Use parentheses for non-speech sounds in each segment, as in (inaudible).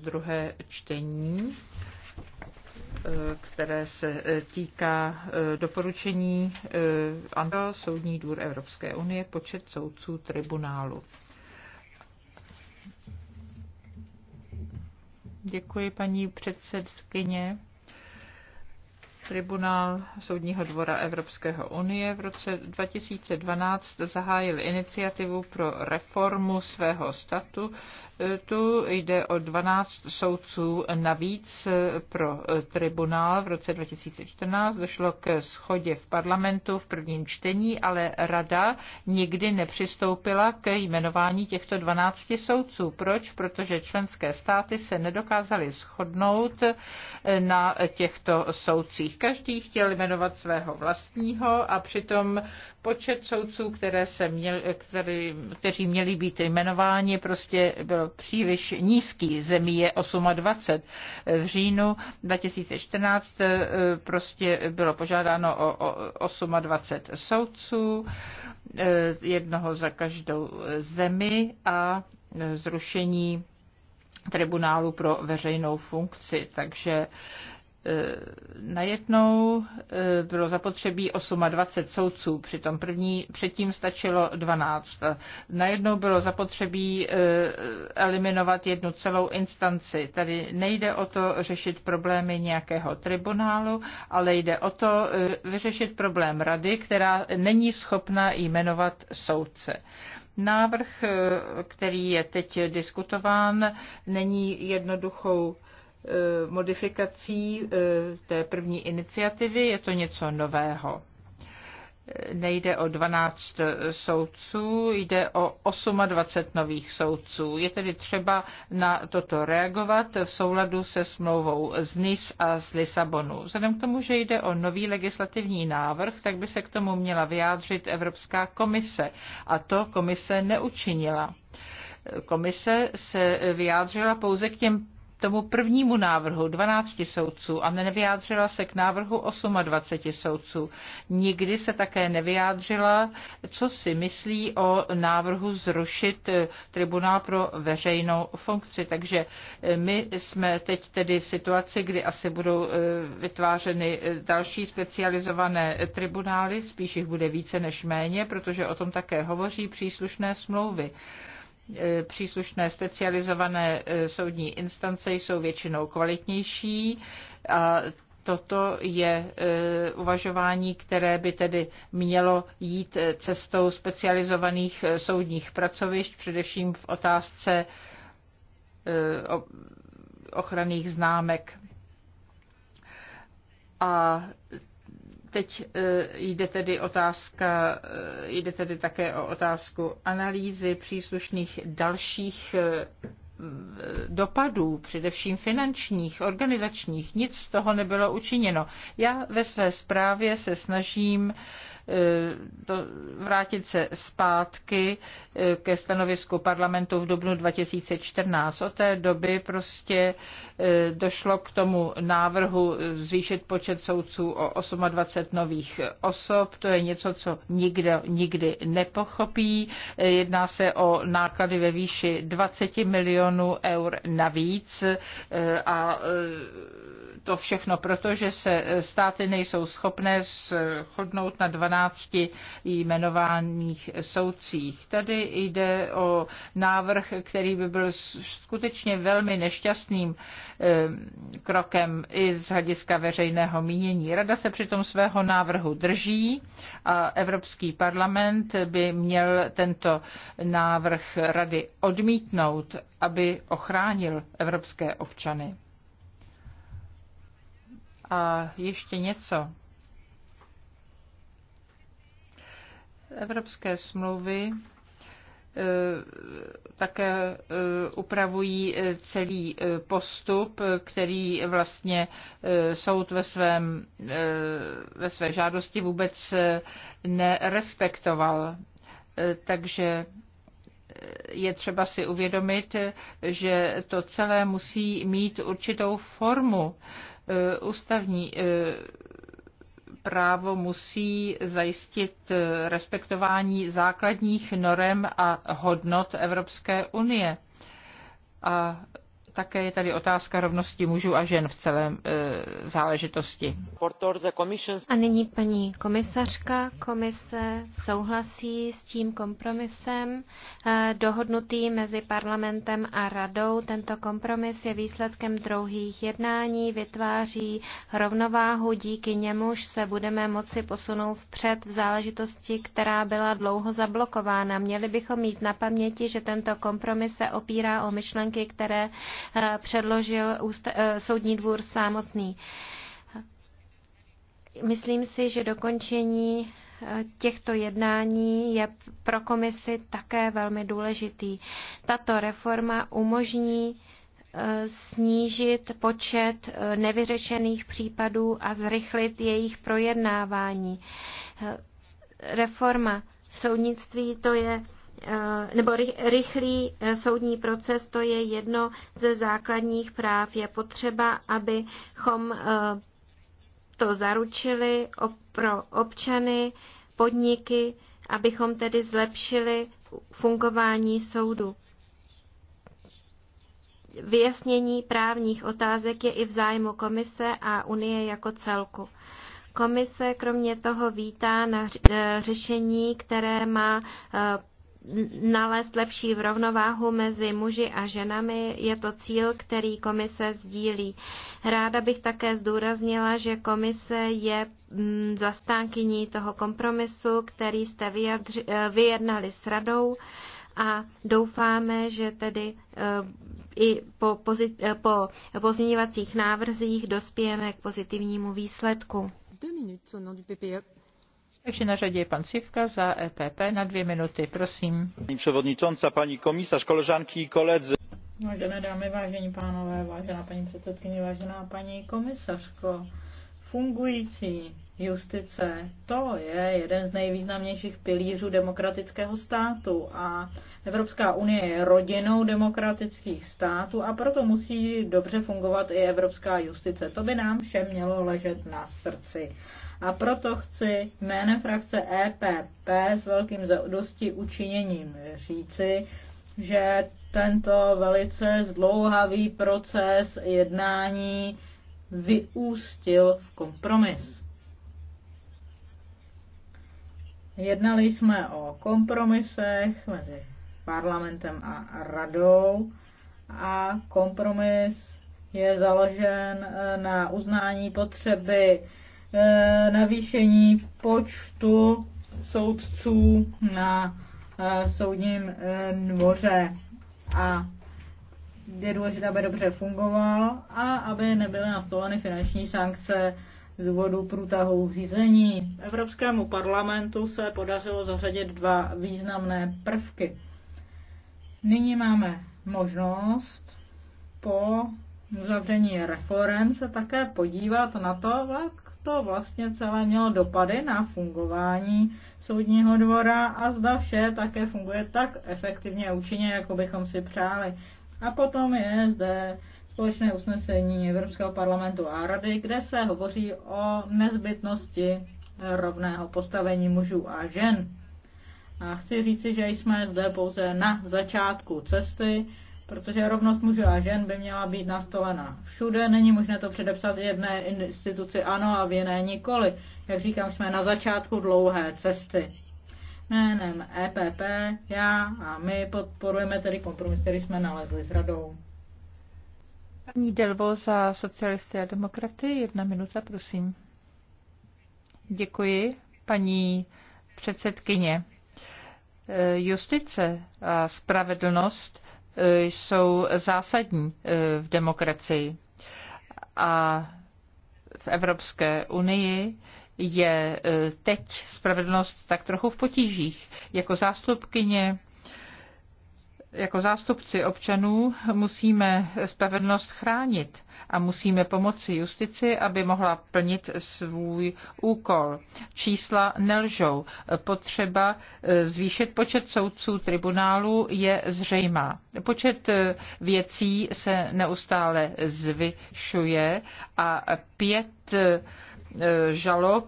druhé čtení, eh, které se eh, týká eh, doporučení ANDO, Soudní dvůr Evropské unie, počet soudců tribunálu. Děkuji, paní předsedkyně. Tribunál Soudního dvora Evropského unie v roce 2012 zahájil iniciativu pro reformu svého statu. Tu jde o 12 soudců navíc pro eh, tribunál. V roce 2014 došlo k schodě v parlamentu v prvním čtení, ale rada nikdy nepřistoupila k jmenování těchto 12 soudců. Proč? Protože členské státy se nedokázaly shodnout eh, na těchto soudcích Každý chtěl jmenovat svého vlastního a přitom počet soudců, které se měl, který, kteří měli být jmenováni, prostě byl příliš nízký. Zemí je 28. V říjnu 2014 eh, prostě bylo požádáno o 28 soudců, eh, jednoho za každou zemi a eh, zrušení tribunálu pro veřejnou funkci. Takže najednou eh, bylo zapotřebí 28 soudců, přitom první, předtím stačilo 12. Najednou bylo zapotřebí eh, eliminovat jednu celou instanci. Tady nejde o to řešit problémy nějakého tribunálu, ale jde o to eh, vyřešit problém rady, která není schopna jmenovat soudce. Návrh, který je teď diskutován, není jednoduchou Eh, modifikací eh, té první iniciativy. Je to něco nového. Eh, nejde o 12 soudců, jde o 28 nových soudců. Je tedy třeba na toto reagovat v souladu se smlouvou z NIS a z Lisabonu. Vzhledem k tomu, že jde o nový legislativní návrh, tak by se k tomu měla vyjádřit Evropská komise. A to komise neučinila. Komise se vyjádřila pouze k těm tomu prvnímu návrhu 12 soudců a nevyjádřila se k návrhu 28 soudců. Nikdy se také nevyjádřila, co si myslí o návrhu zrušit eh, Tribunál pro veřejnou funkci. Takže eh, my jsme teď tedy v situaci, kdy asi budou eh, vytvářeny další specializované tribunály, spíš jich bude více než méně, protože o tom také hovoří příslušné smlouvy. Eh, příslušné specializované eh, soudní instance jsou většinou kvalitnější a toto je eh, uvažování, které by tedy mělo jít cestou specializovaných soudních pracovišť, především v otázce ochranných známek. A Teď e, jde tedy, otázka, e, jde tedy také o otázku analýzy příslušných dalších e, dopadů, především finančních, organizačních, nic z toho nebylo učiněno. Já ve své zprávě se snažím Eh, vrátit se zpátky eh, ke stanovisku parlamentu v dubnu 2014. Od té doby prostě eh, došlo k tomu návrhu zvýšit počet soudců o 28 nových osob. To je něco, co nikdo nikdy nepochopí. Jedná se o náklady ve výši 20 milionů eur navíc a to všechno proto, že se státy nejsou schopné shodnout na 12 12 jmenovaných soudcích. Tady jde o návrh, který by byl skutečně velmi nešťastným eh, krokem i z hlediska veřejného mínění. Rada se přitom svého návrhu drží a Evropský parlament by měl tento návrh rady odmítnout, aby ochránil evropské občany. A ještě něco. Evropské smlouvy e, také e, upravují e, celý postup, který vlastně soud ve, svém, ve své žádosti vůbec nerespektoval. Takže je třeba si uvědomit, že to celé musí mít určitou formu. Ústavní právo musí zajistit respektování základních norem a hodnot Evropské unie. A také je tady otázka rovnosti mužů a žen v celé e, záležitosti. A nyní paní komisařka. Komise souhlasí s tím kompromisem e, dohodnutý mezi parlamentem a radou. Tento kompromis je výsledkem druhých jednání, vytváří rovnováhu, díky němuž se budeme moci posunout vpřed v záležitosti, která byla dlouho zablokována. Měli bychom mít na paměti, že tento kompromis se opírá o myšlenky, které předložil eh, soudní dvůr samotný. Myslím si, že dokončení eh, těchto jednání je pro komisi také velmi důležitý. Tato reforma umožní eh, snížit počet nevyřešených případů a zrychlit jejich projednávání. Reforma soudnictví to je Eh, nebo rychlý eh, soudní proces, to je jedno ze základních práv. Je potřeba, abychom eh, to zaručili pro občany, podniky, abychom tedy zlepšili fungování soudu. Vyjasnění právních otázek je i v zájmu komise a Unie jako celku. Komise kromě toho vítá na řešení, které má nalézt lepší rovnováhu mezi muži a ženami je to cíl, který komise sdílí. Ráda bych také zdůraznila, že komise je mm, zastánkyní toho kompromisu, který jste vyjadři, eh, vyjednali s radou a doufáme, že tedy eh, i po, pozit, eh, po pozměňovacích návrzích dospějeme k pozitivnímu výsledku. minuty, takže na řadě je pan Civka za EPP na dvě minuty, prosím. Paní předsedající, paní komisař, koleżanki i koledzy. Vážené dámy, vážení pánové, vážená paní předsedkyně, vážená paní komisařko, fungující justice, to je jeden z nejvýznamnějších pilířů demokratického státu a Evropská unie je rodinou demokratických států a proto musí dobře fungovat i evropská justice. To by nám všem mělo ležet na srdci. A proto chci jménem frakce EPP s velkým zadosti učiněním říci, že tento velice zdlouhavý proces jednání vyústil v kompromis. Jednali jsme o kompromisech mezi parlamentem a radou a kompromis je založen eh, na uznání potřeby Eh, navýšení počtu soudců na eh, soudním eh, dvoře a je důležité, aby dobře fungoval a aby nebyly nastoleny finanční sankce z důvodu průtahu řízení. Evropskému parlamentu se podařilo zařadit dva významné prvky. Nyní máme možnost po uzavření reform se také podívat na to, jak to vlastně celé mělo dopady na fungování soudního dvora a zda vše také funguje tak efektivně a účinně, jako bychom si přáli. A potom je zde společné usnesení Evropského parlamentu a rady, kde se hovoří o nezbytnosti rovného postavení mužů a žen. A chci říci, že jsme zde pouze na začátku cesty protože rovnost mužů a žen by měla být nastolena všude. Není možné to předepsat jedné instituci ano a v jiné nikoli. Jak říkám, jsme na začátku dlouhé cesty. Jménem EPP, já a my podporujeme tedy kompromis, který jsme nalezli s radou. Paní Delvo za socialisty a demokraty, jedna minuta, prosím. Děkuji, paní předsedkyně. E, justice a spravedlnost jsou zásadní eh, v demokracii. A v Evropské unii je eh, teď spravedlnost tak trochu v potížích. Jako zástupkyně jako zástupci občanů musíme spravedlnost chránit a musíme pomoci justici, aby mohla plnit svůj úkol. Čísla nelžou. Potřeba e, zvýšit počet soudců tribunálu je zřejmá. Počet e, věcí se neustále zvyšuje a pět e, žalob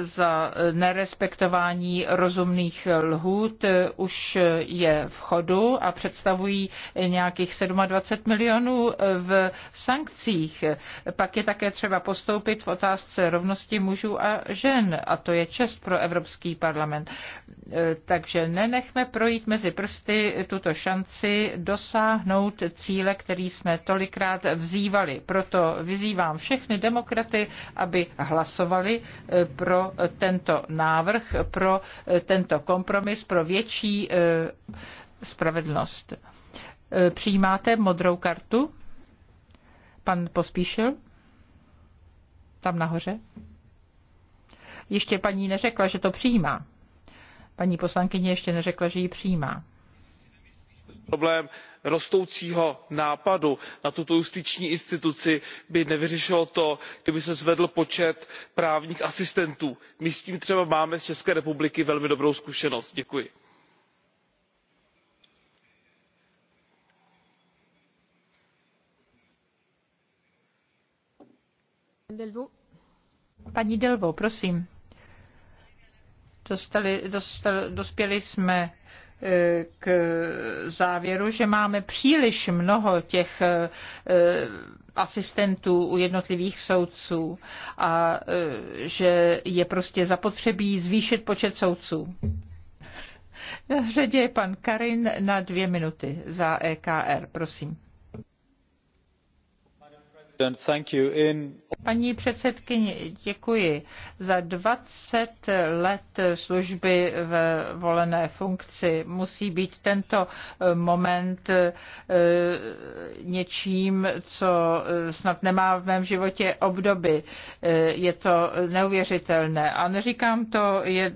za nerespektování rozumných lhůt už je v chodu a představují nějakých 27 milionů v sankcích. Pak je také třeba postoupit v otázce rovnosti mužů a žen a to je čest pro Evropský parlament. Takže nenechme projít mezi prsty tuto šanci dosáhnout cíle, který jsme tolikrát vzývali. Proto vyzývám všechny demokraty, aby hlasovali eh, pro tento návrh, pro eh, tento kompromis, pro větší eh, spravedlnost. Přijímáte modrou kartu? Pan Pospíšil? Tam nahoře? Ještě paní neřekla, že to přijímá. Paní poslankyně ještě neřekla, že ji přijímá problém rostoucího nápadu na tuto justiční instituci by nevyřešilo to kdyby se zvedl počet právních asistentů. my s tím třeba máme z české republiky velmi dobrou zkušenost. děkuji. Paní Delvo, prosím. dospěli jsme k závěru, že máme příliš mnoho těch e, asistentů u jednotlivých soudců a e, že je prostě zapotřebí zvýšit počet soudců. Na řadě je pan Karin na dvě minuty za EKR, prosím. Paní předsedkyně, děkuji. Za 20 let služby v volené funkci musí být tento moment eh, něčím, co snad nemá v mém životě obdoby. Eh, je to neuvěřitelné. A neříkám to je,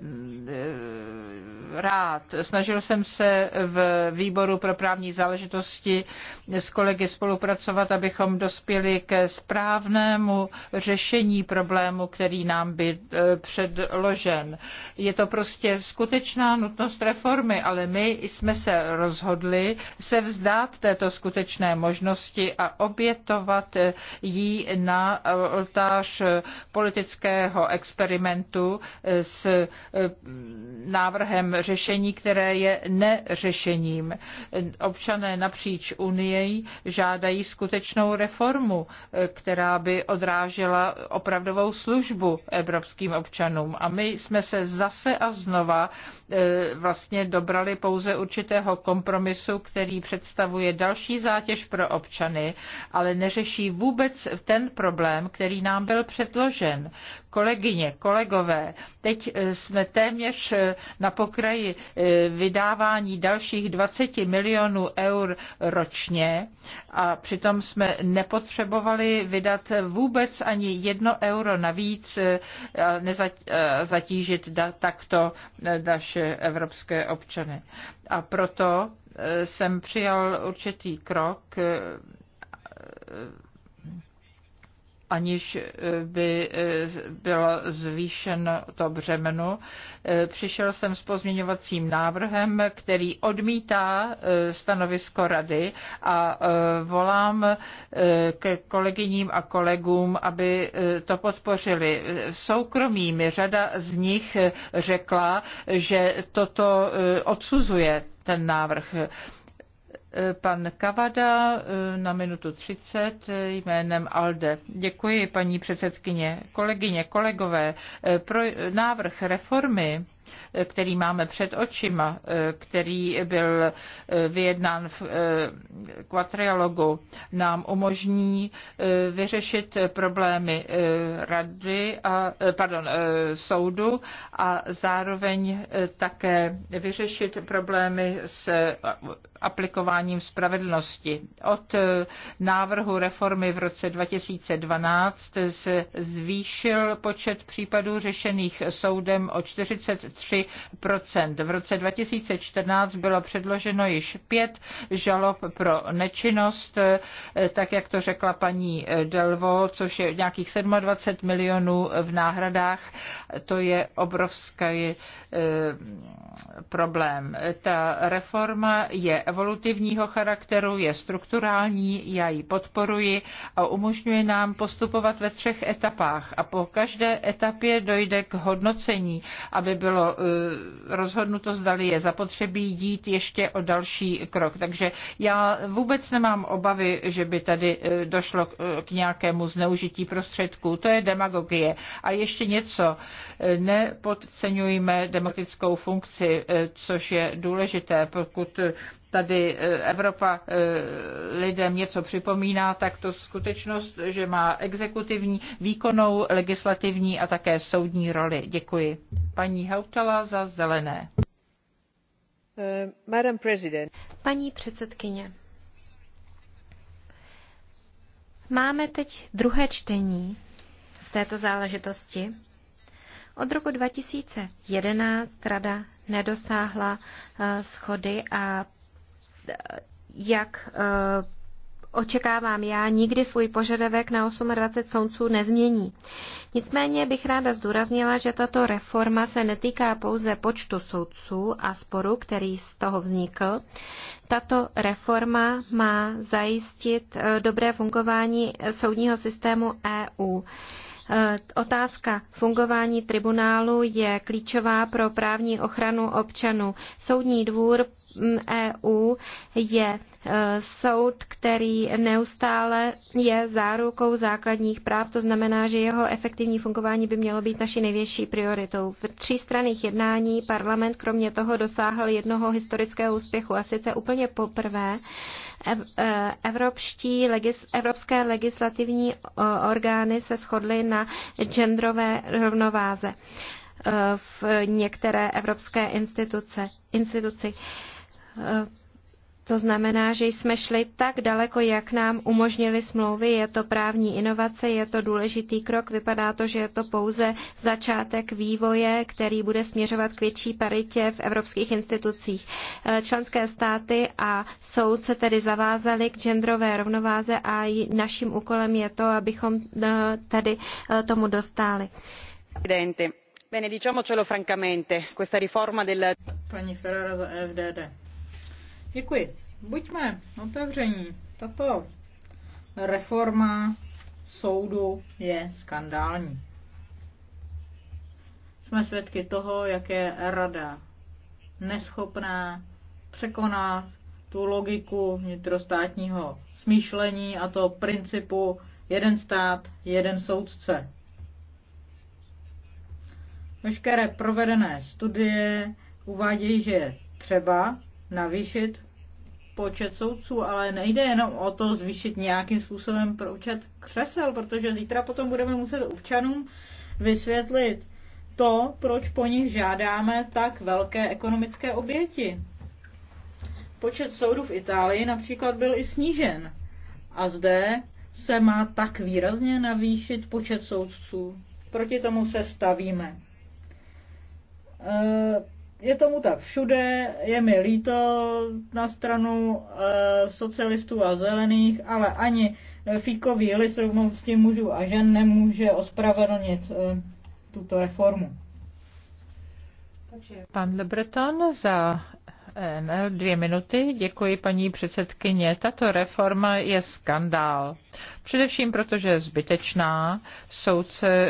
eh, rád. Snažil jsem se v výboru pro právní záležitosti s kolegy spolupracovat, abychom dospěli ke správnému řešení problému, který nám byl eh, předložen. Je to prostě skutečná nutnost reformy, ale my jsme se rozhodli se vzdát této skutečné možnosti a obětovat jí na oltář politického experimentu s eh, návrhem řešení, které je neřešením. Občané napříč Unie žádají skutečnou reformu, která by odrážela opravdovou službu evropským občanům. A my jsme se zase a znova eh, vlastně dobrali pouze určitého kompromisu, který představuje další zátěž pro občany, ale neřeší vůbec ten problém, který nám byl předložen. Kolegyně, kolegové, teď eh, jsme téměř eh, na pokraji eh, vydávání dalších 20 milionů eur ročně a přitom jsme nepotřebovali vydat vůbec ani jedno euro navíc a nezatížit takto naše evropské občany. A proto jsem přijal určitý krok aniž by eh, bylo zvýšen to břemeno. Eh, přišel jsem s pozměňovacím návrhem, který odmítá eh, stanovisko rady a volám ke kolegyním a kolegům, aby to podpořili. V soukromí mi řada z nich řekla, že toto odsuzuje ten návrh pan Kavada eh, na minutu 30 eh, jménem ALDE. Děkuji, paní předsedkyně. Kolegyně, kolegové, eh, pro návrh reformy který máme před očima, který byl eh, vyjednán v kvatrialogu, eh, nám umožní eh, vyřešit problémy rady a, pardon, soudu a zároveň také vyřešit problémy s aplikováním spravedlnosti. Od návrhu reformy v roce 2012 se zvýšil počet případů řešených soudem o 43 3 V roce 2014 bylo předloženo již pět žalob pro nečinnost, eh, tak jak to řekla paní eh, Delvo, což je nějakých 27 milionů v náhradách. To je obrovský eh, problém. Ta reforma je evolutivního charakteru, je strukturální, já ji podporuji a umožňuje nám postupovat ve třech etapách a po každé etapě dojde k hodnocení, aby bylo Eh, rozhodnuto, zdali je zapotřebí dít ještě o další krok. Takže já vůbec nemám obavy, že by tady eh, došlo eh, k nějakému zneužití prostředků. To je demagogie. A ještě něco. Nepodceňujme demokratickou funkci, což je důležité. Pokud tady e, Evropa e, lidem něco připomíná, tak to skutečnost, že má exekutivní, výkonnou, legislativní a také soudní roli. Děkuji. Paní Hautala za zelené. Uh, Madam President. Paní předsedkyně, máme teď druhé čtení v této záležitosti. Od roku 2011 rada nedosáhla uh, schody a jak eh, očekávám já, nikdy svůj požadavek na 28 sonců nezmění. Nicméně bych ráda zdůraznila, že tato reforma se netýká pouze počtu soudců a sporu, který z toho vznikl. Tato reforma má zajistit eh, dobré fungování soudního systému EU. Eh, otázka fungování tribunálu je klíčová pro právní ochranu občanů. Soudní dvůr EU je e, soud, který neustále je zárukou základních práv. To znamená, že jeho efektivní fungování by mělo být naší největší prioritou. V třístranných jednání parlament kromě toho dosáhl jednoho historického úspěchu a sice úplně poprvé e, evropští, evropské legislativní e, orgány se shodly na genderové rovnováze v některé evropské instituce, instituci. instituci to znamená, že jsme šli tak daleko, jak nám umožnili smlouvy. Je to právní inovace, je to důležitý krok. Vypadá to, že je to pouze začátek vývoje, který bude směřovat k větší paritě v evropských institucích. Eh, členské státy a soud se tedy zavázaly k genderové rovnováze a naším úkolem je to, abychom eh, tady eh, tomu dostali. Bene, francamente, del... Ferrara za FDD. Děkuji. Buďme otevření. Tato reforma soudu je skandální. Jsme svědky toho, jak je rada neschopná překonat tu logiku vnitrostátního smýšlení a to principu jeden stát, jeden soudce. Veškeré provedené studie uvádějí, že třeba navýšit počet soudců, ale nejde jenom o to zvýšit nějakým způsobem počet křesel, protože zítra potom budeme muset občanům vysvětlit to, proč po nich žádáme tak velké ekonomické oběti. Počet soudů v Itálii například byl i snížen. A zde se má tak výrazně navýšit počet soudců. Proti tomu se stavíme. E je tomu tak všude, je mi líto na stranu e, socialistů a zelených, ale ani eh, fíkový list rovnosti mužů a žen nemůže ospravedlnit e, tuto reformu. Takže pan Lebreton za ENL dvě minuty. Děkuji paní předsedkyně. Tato reforma je skandál. Především proto, že je zbytečná. Soudce,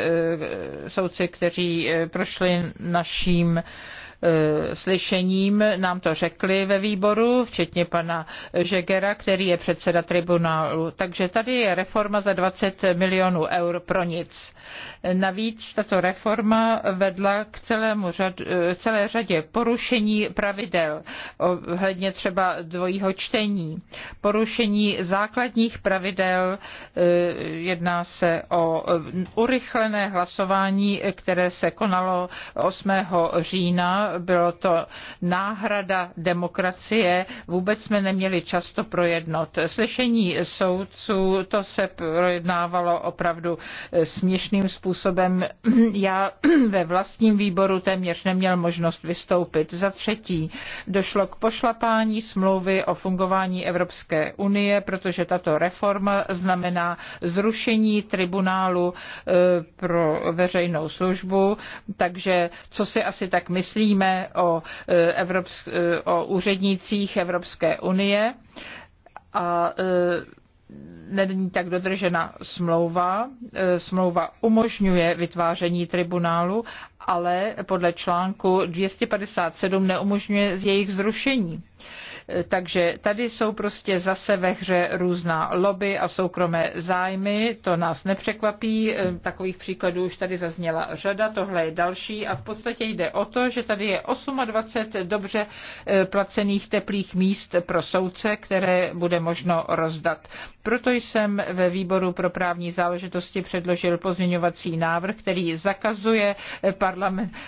soudci, kteří prošli naším Eh, slyšením nám to řekli ve výboru, včetně pana Žegera, který je předseda tribunálu. Takže tady je reforma za 20 milionů eur pro nic. Navíc tato reforma vedla k celému řad, eh, celé řadě porušení pravidel, ohledně třeba dvojího čtení, porušení základních pravidel, eh, jedná se o urychlené hlasování, které se konalo 8. října bylo to náhrada demokracie, vůbec jsme neměli často projednat. Slyšení soudců, to se projednávalo opravdu směšným způsobem. Já (clears throat) ve vlastním výboru téměř neměl možnost vystoupit. Za třetí, došlo k pošlapání smlouvy o fungování Evropské unie, protože tato reforma znamená zrušení tribunálu eh, pro veřejnou službu, takže co si asi tak myslíme, hovoříme o, e, Evropsk- e, o úřednících Evropské unie a e, není tak dodržena smlouva. Smlouva umožňuje vytváření tribunálu, ale podle článku 257 neumožňuje z jejich zrušení. Takže tady jsou prostě zase ve hře různá lobby a soukromé zájmy, to nás nepřekvapí, eh, takových příkladů už tady zazněla řada, tohle je další a v podstatě jde o to, že tady je 28 dobře eh, placených teplých míst pro soudce, které bude možno rozdat. Proto jsem ve výboru pro právní záležitosti předložil pozměňovací návrh, který zakazuje eh,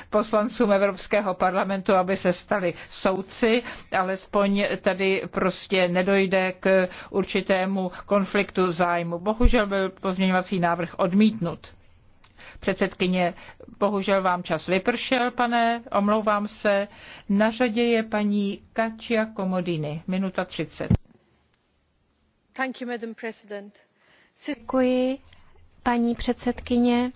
poslancům Evropského parlamentu, aby se stali soudci, alespoň tady prostě nedojde k určitému konfliktu zájmu. Bohužel byl pozměňovací návrh odmítnut. Předsedkyně, bohužel vám čas vypršel, pane, omlouvám se. Na řadě je paní Kačia Komodiny, minuta 30. Thank you, Madam President. Děkuji, paní předsedkyně.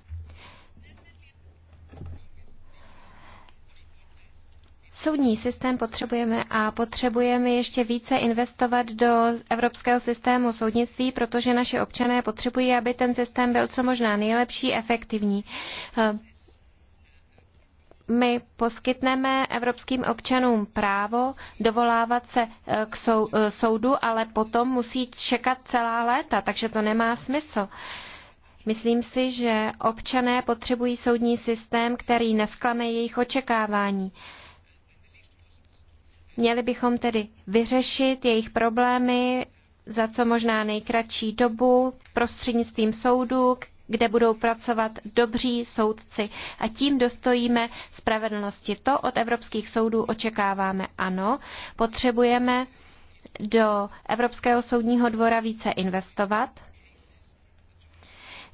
soudní systém potřebujeme a potřebujeme ještě více investovat do evropského systému soudnictví, protože naše občané potřebují, aby ten systém byl co možná nejlepší, efektivní. Eh, my poskytneme evropským občanům právo dovolávat se eh, k eh, soudu, ale potom musí čekat celá léta, takže to nemá smysl. Myslím si, že občané potřebují soudní systém, který nesklame jejich očekávání. Měli bychom tedy vyřešit jejich problémy za co možná nejkratší dobu prostřednictvím soudů, kde budou pracovat dobří soudci. A tím dostojíme spravedlnosti. To od evropských soudů očekáváme. Ano, potřebujeme do Evropského soudního dvora více investovat,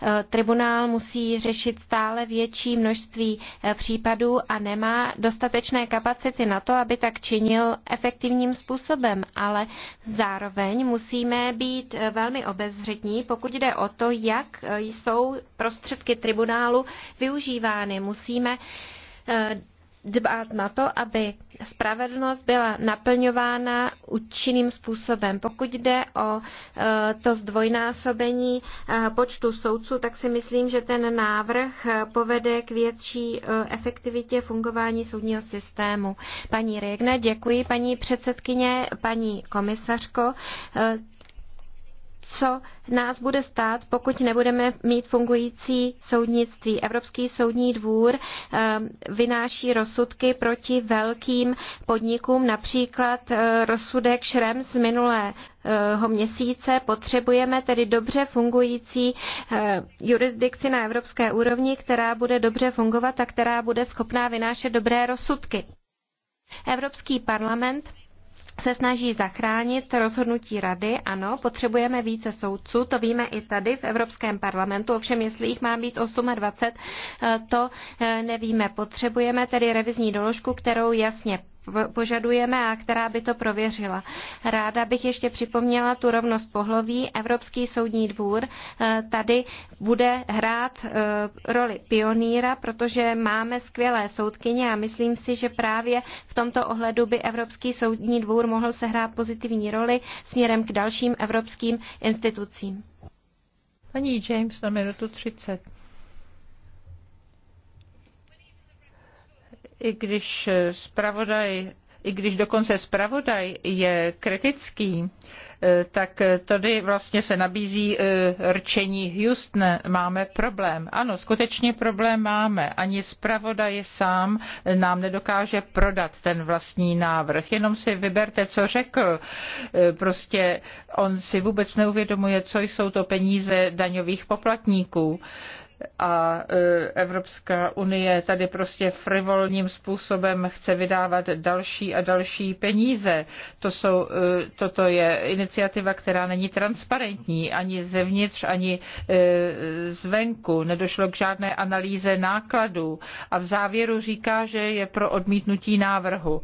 Eh, tribunál musí řešit stále větší množství eh, případů a nemá dostatečné kapacity na to, aby tak činil efektivním způsobem, ale zároveň musíme být eh, velmi obezřetní, pokud jde o to, jak jsou prostředky tribunálu využívány. Musíme dbát na to, aby spravedlnost byla naplňována účinným způsobem. Pokud jde o e, to zdvojnásobení e, počtu soudců, tak si myslím, že ten návrh e, povede k větší efektivitě fungování soudního systému. Paní Regne, děkuji. Paní předsedkyně, paní komisařko, co nás bude stát, pokud nebudeme mít fungující soudnictví. Evropský soudní dvůr ehm, vynáší rozsudky proti velkým podnikům, například eh, rozsudek Šrem z minulého měsíce. Potřebujeme tedy dobře fungující eh, jurisdikci na evropské úrovni, která bude dobře fungovat a která bude schopná vynášet dobré rozsudky. Evropský parlament se snaží zachránit rozhodnutí rady. Ano, potřebujeme více soudců, to víme i tady v Evropském parlamentu, ovšem jestli jich má být 28, eh, to eh, nevíme. Potřebujeme tedy revizní doložku, kterou jasně požadujeme a která by to prověřila. Ráda bych ještě připomněla tu rovnost pohlaví. Evropský soudní dvůr eh, tady bude hrát eh, roli pioníra, protože máme skvělé soudkyně a myslím si, že právě v tomto ohledu by Evropský soudní dvůr mohl sehrát pozitivní roli směrem k dalším evropským institucím. Paní James na minutu 30. i když zpravodaj i když dokonce zpravodaj je kritický, eh, tak tady vlastně se nabízí eh, rčení Houston, máme problém. Ano, skutečně problém máme. Ani zpravodaj sám nám nedokáže prodat ten vlastní návrh. Jenom si vyberte, co řekl. Eh, prostě on si vůbec neuvědomuje, co jsou to peníze daňových poplatníků a e, Evropská unie tady prostě frivolním způsobem chce vydávat další a další peníze. To jsou, e, toto je iniciativa, která není transparentní ani zevnitř, ani e, zvenku. Nedošlo k žádné analýze nákladů a v závěru říká, že je pro odmítnutí návrhu.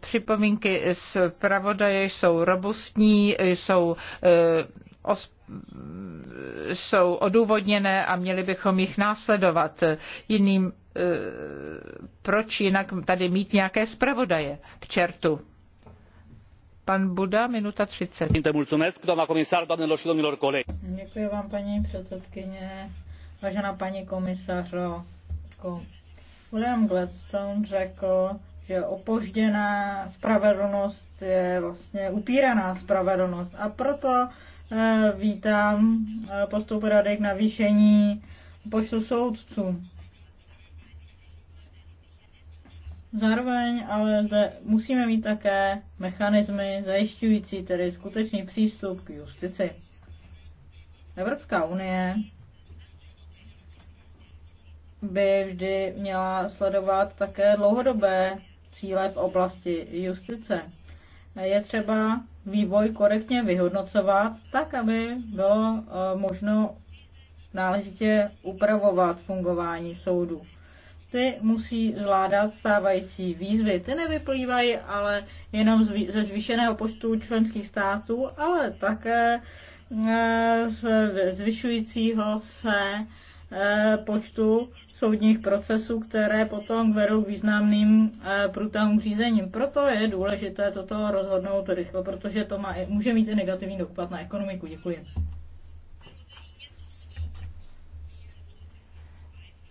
Připomínky z pravodaje jsou robustní, jsou jsou odůvodněné a měli bychom jich následovat. Jiným, e, proč jinak tady mít nějaké zpravodaje? K čertu. Pan Buda, minuta 30. Děkuji vám, paní předsedkyně. Vážená paní komisařo. William Gladstone řekl, že opožděná spravedlnost je vlastně upíraná spravedlnost a proto Eh, vítám eh, postup rady k navýšení počtu soudců. Zároveň ale zde musíme mít také mechanismy zajišťující tedy skutečný přístup k justici. Evropská unie by vždy měla sledovat také dlouhodobé cíle v oblasti justice je třeba vývoj korektně vyhodnocovat, tak aby bylo e, možno náležitě upravovat fungování soudu. Ty musí zvládat stávající výzvy. Ty nevyplývají ale jenom ze zvýšeného počtu členských států, ale také e, z zvyšujícího se e, počtu soudních procesů, které potom vedou k významným eh, průtahům řízením. Proto je důležité toto rozhodnout rychle, protože to má, může mít i negativní dopad na ekonomiku. Děkuji.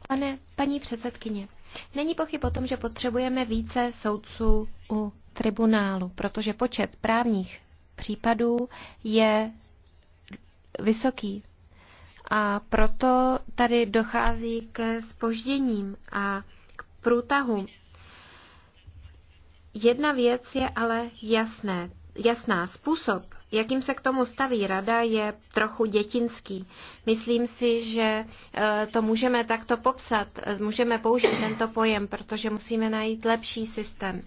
Pane, paní předsedkyně, není pochyb o tom, že potřebujeme více soudců u tribunálu, protože počet právních případů je vysoký a proto tady dochází k spožděním a k průtahům. Jedna věc je ale jasné, jasná. Způsob, jakým se k tomu staví rada, je trochu dětinský. Myslím si, že e, to můžeme takto popsat, můžeme použít tento pojem, protože musíme najít lepší systém.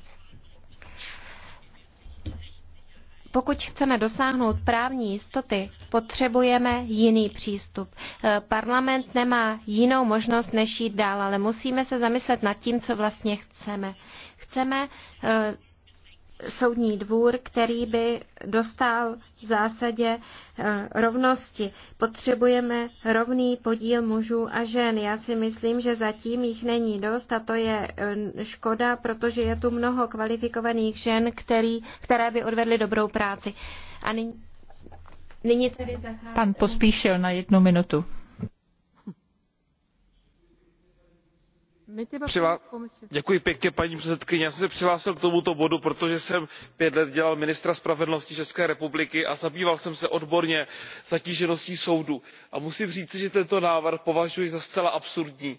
pokud chceme dosáhnout právní jistoty, potřebujeme jiný přístup. Eh, Parlament nemá jinou možnost, než jít dál, ale musíme se zamyslet nad tím, co vlastně chceme. Chceme eh, soudní dvůr, který by dostal v zásadě eh, rovnosti. Potřebujeme rovný podíl mužů a žen. Já si myslím, že zatím jich není dost a to je eh, škoda, protože je tu mnoho kvalifikovaných žen, který, které by odvedly dobrou práci. A nyní, nyní tedy zachází... Pan Pospíšil na jednu minutu. Vlastně paní předsedající já jsem se přihlásil k tomuto bodu protože jsem pět let dělal ministra spravedlnosti české republiky a zabýval jsem se odborně zatížeností soudů a musím říci že tento návrh považuji za zcela absurdní.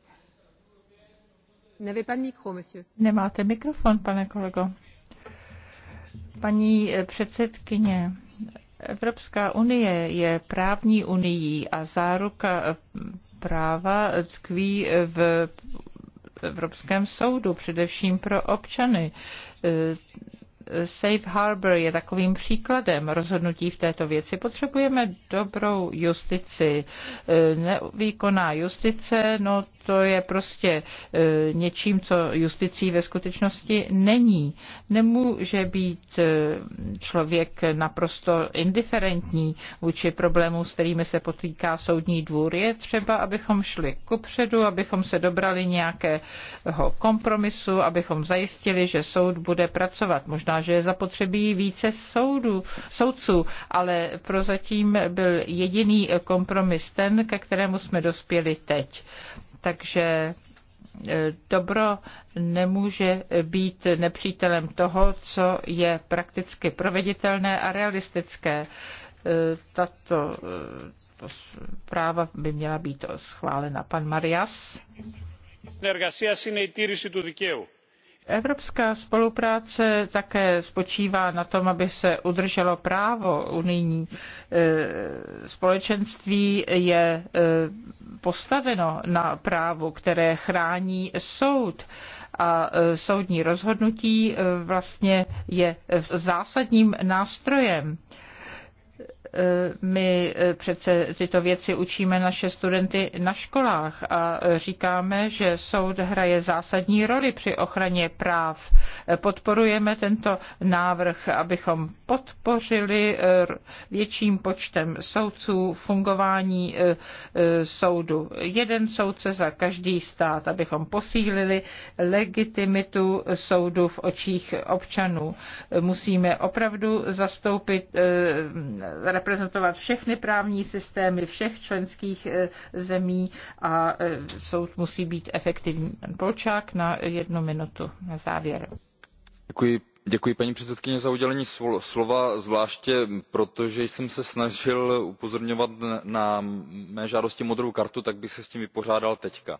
Nemáte mikrofon, pane kolego. Paní eh, předsedkyně, Evropská unie je právní unii a záruka eh, práva tkví eh, v Evropském soudu, především pro občany Safe Harbor je takovým příkladem rozhodnutí v této věci. Potřebujeme dobrou justici. E, nevýkonná justice, no to je prostě e, něčím, co justicí ve skutečnosti není. Nemůže být e, člověk naprosto indiferentní vůči problémů, s kterými se potýká soudní dvůr. Je třeba, abychom šli kupředu, abychom se dobrali nějakého kompromisu, abychom zajistili, že soud bude pracovat. Možná, že je zapotřebí více soudu, soudců, ale prozatím byl jediný kompromis ten, ke kterému jsme dospěli teď. Takže e, dobro nemůže být nepřítelem toho, co je prakticky proveditelné a realistické. E, tato e, práva by měla být schválena. Pan Marias. Συνεργασία είναι η τήρηση του δικαίου Evropská spolupráce také spočívá na tom, aby se udrželo právo unijní. Eh, společenství je eh, postaveno na právu, které chrání soud a eh, soudní rozhodnutí vlastně je zásadním nástrojem Eh, my eh, přece tyto věci učíme naše studenty na školách a říkáme, že soud hraje zásadní roli při ochraně práv. Eh, podporujeme tento návrh, abychom podpořili větším počtem soudců fungování soudu. Jeden soudce za každý stát, abychom posílili legitimitu soudu v očích občanů. Musíme opravdu zastoupit reprezentovat všechny právní systémy všech členských eh, zemí a eh, soud musí být efektivní. Pan Polčák na jednu minutu na závěr. Děkuji Děkuji paní předsedkyně za udělení slova, zvláště proto, že jsem se snažil upozorňovat na mé žádosti modrou kartu, tak bych se s tím vypořádal teďka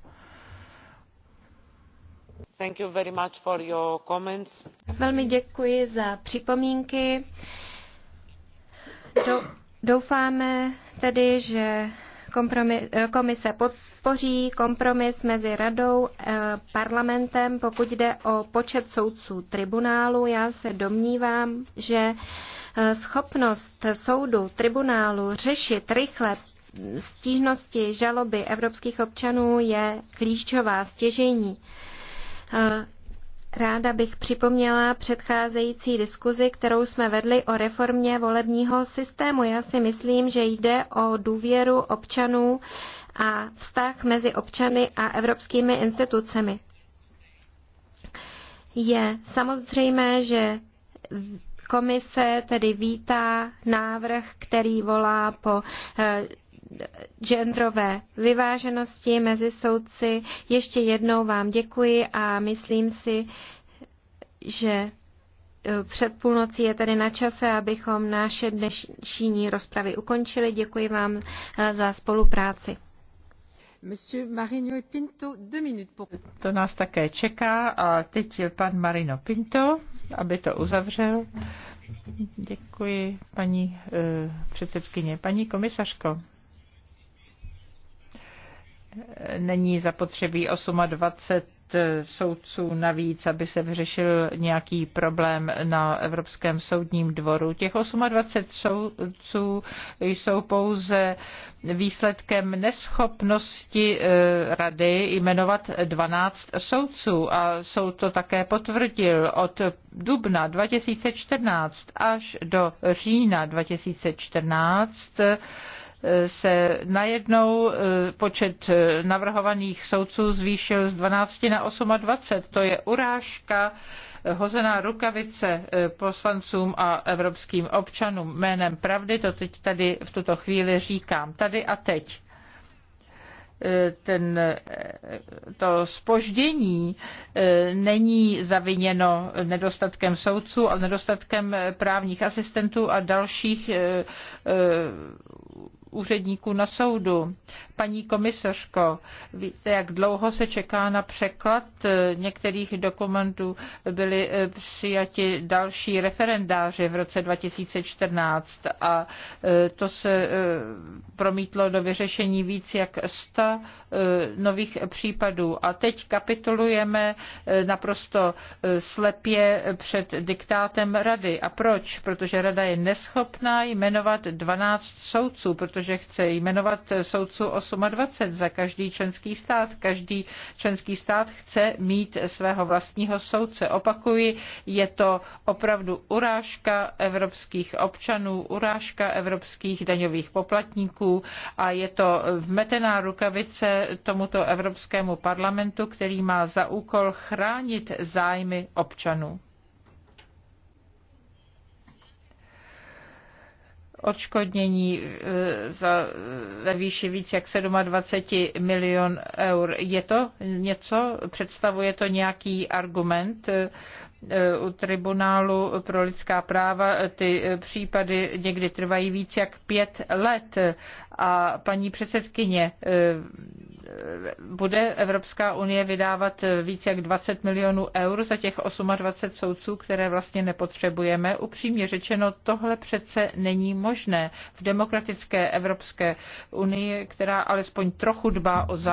Velmi děkuji za připomínky. doufáme tedy, že eh, komise podpoří kompromis mezi radou a eh, parlamentem, pokud jde o počet soudců tribunálu. Já se domnívám, že eh, schopnost soudu, tribunálu řešit rychle stížnosti, žaloby evropských občanů je klíčová, stěžení. Ráda bych připomněla předcházející diskuzi, kterou jsme vedli o reformě volebního systému. Já si myslím, že jde o důvěru občanů a vztah mezi občany a evropskými institucemi. Je samozřejmé, že komise tedy vítá návrh, který volá po eh, genderové vyváženosti mezi soudci. Ještě jednou vám děkuji a myslím si, že e, před půlnocí je tedy na čase, abychom naše dnešní rozpravy ukončili. Děkuji vám e, za spolupráci. Pinto, pour... To nás také čeká a teď je pan Marino Pinto, aby to uzavřel. Děkuji, paní e, předsedkyně. Paní komisařko, není zapotřebí 28 soudců navíc, aby se vyřešil nějaký problém na Evropském soudním dvoru. Těch 28 soudců jsou pouze výsledkem neschopnosti eh, rady jmenovat 12 soudců a soud to také potvrdil od dubna 2014 až do října 2014 se najednou eh, počet eh, navrhovaných soudců zvýšil z 12 na 28. To je urážka eh, hozená rukavice poslancům a evropským občanům jménem pravdy, to teď tady v tuto chvíli říkám, tady a teď ten, to spoždění není zaviněno nedostatkem soudců, ale nedostatkem právních asistentů a dalších úředníků na soudu. Paní komisařko, víte, jak dlouho se čeká na překlad eh, některých dokumentů. Byly eh, přijati další referendáři v roce 2014 a eh, to se promítlo do vyřešení víc jak 100 nových případů. A teď kapitulujeme naprosto slepě před diktátem rady. A proč? Protože rada je neschopná jmenovat 12 soudců, protože protože chce jmenovat soudců 28 za každý členský stát. Každý členský stát chce mít svého vlastního soudce. Opakuji, je to opravdu urážka evropských občanů, urážka evropských daňových poplatníků a je to vmetená rukavice tomuto Evropskému parlamentu, který má za úkol chránit zájmy občanů. odškodnění e, za, e, ve výši víc jak 27 milion eur. Je to něco, představuje to nějaký argument e, E, u Tribunálu pro lidská práva e, ty e, případy někdy trvají víc jak pět let. A paní předsedkyně, bude Evropská unie vydávat víc jak 20 milionů eur za těch 28 soudců, které vlastně nepotřebujeme? Upřímně řečeno, tohle přece není možné v demokratické Evropské unii, která alespoň trochu dbá o zájem.